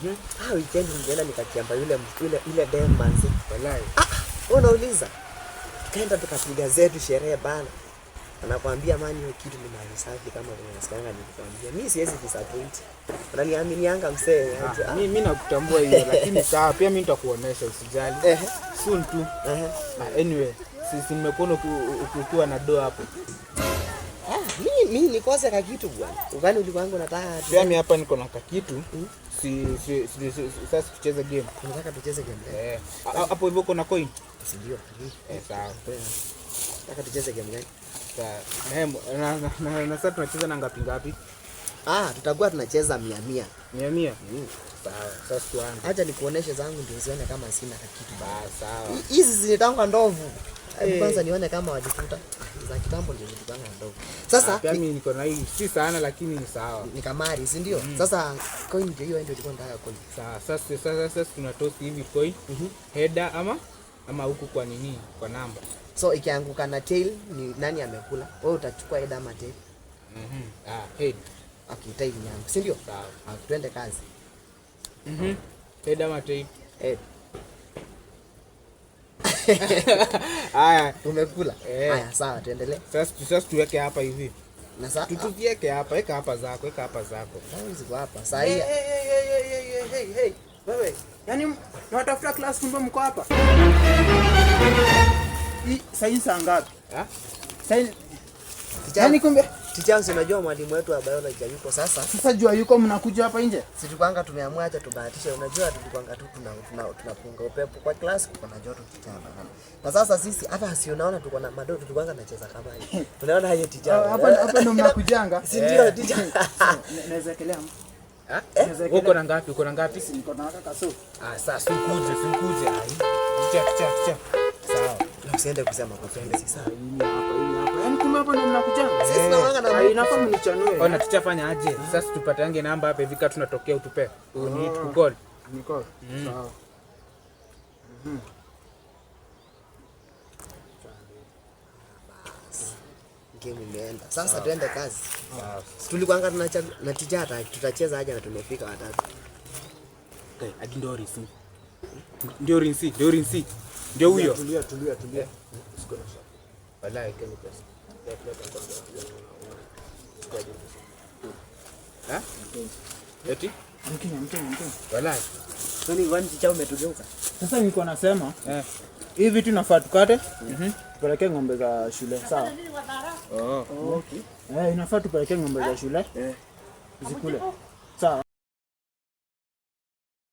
Mhm. Ah, weekend nilienda nikakiamba yule yule yule dem manzi. Wallahi. Ah, unauliza. Tukaenda tukapiga zetu sherehe bana. Anakuambia mani hiyo kitu ni mali safi kama unasikanga nikikwambia. Mimi siwezi disappoint. Unaniaminianga msee. Ah, mimi ah. mimi nakutambua hiyo lakini sawa pia mimi nitakuonesha usijali. Eh. Soon tu. Eh. Anyway, sisi nimekuona ukiwa na doa hapo. Mimi nikose kakitu bwana. Ugani uliwangu nataka. Sami hapa niko na kakitu. Hmm? Si si sasa tucheze game. Unataka tucheze game. Eh. Hapo hivyo uko na coin? Ndio. Eh, sawa. Eh. Nataka tucheze game gani? Sawa. Na na na sasa tunacheza na ngapi ngapi? Ah, tutakuwa tunacheza 100 100. 100 100. Sawa. Sasa tuanze. Acha nikuoneshe zangu ndio zione kama sina kakitu. Sawa. Hizi zinaitangwa ndovu. Eh. Kwanza nione kama wajikuta za kitambo ndio nilipanga ndogo. Sasa ah, pia mimi niko na hii si sana lakini ni sawa. Ni kamari, si ndio? Mm-hmm. Sasa coin ndio hiyo ndio ilikuwa ndaya coin. Sasa sasa sasa sasa tuna toss hivi coin. Mm -hmm. Header ama ama huku kwa nini? Kwa namba. So ikianguka na tail ni nani amekula? Wewe utachukua header ama tail? Mhm. Mm ah, head. Okay, tail yangu. Si ndio? Sawa. Ah, twende kazi. Mhm. Mm header ama tail? Head. Haya, umekula. Eh. Haya, sawa, tuendelee. Sasa sasa tuweke hapa hivi. Na sasa tutuweke hapa, weka hapa zako, weka hapa zako. Sasa ziko hapa. Sasa hii. Hey, hey, hey, hey, hey, hey, hey. wewe. Yaani nawatafuta class kumbe mko hapa. Hii sasa saa ngapi? Ah? Sasa. Yaani kumbe Chichansi, unajua mwalimu wetu wa biology yuko sasa. Sasa jua yuko mnakuja hapa nje. Si tukwanga tumeamua acha tubahatishe. Unajua tulikwanga tu tuna tuna tunapunga upepo kwa class kwa na joto kichana. Na sasa sisi hata asionaona tuko na madoto tukwanga nacheza hivi. Hmm. Tunaona hayo tija. Ah, hapa hapa ndo mnakujanga. Si ndio tija. Naweza kelea. Eh? eh? Uko na ngapi? Uko na ngapi? Si niko na kaka so. Ah, sasa sikuje, sikuje. Chak chak chak. Sawa. Na usiende kusema kwa friend sawa. Hii Hapa hii Eh. Oh, ah. hapa ndo mnakujanga. Sisi tunaanga na mimi. Inafaa mnichanue. Ona ticha aje? Sasa tupatange namba hapa hivi kama tunatokea utupe. You oh, need to call. Ni call. Mm. Sawa. Mhm. Game imeenda. Sasa tuende kazi. Tulikuanga na ticha tutacheza aje na tumefika watatu. Okay, eh, akindori si. Ndio rinsi, ndio rinsi. Ndio huyo. Tulia, tulia, tulia. Eh. Wala ikeni pesa. Eti? Mkenya, Mkenya, Mkenya. Walai. chao Sasa niko nasema eh, hii vitu nafaa tukate mm Tupelekee ng'ombe za shule sawa? Oh. Okay. Eh, inafaa tupelekee ng'ombe za shule eh, zikule sawa.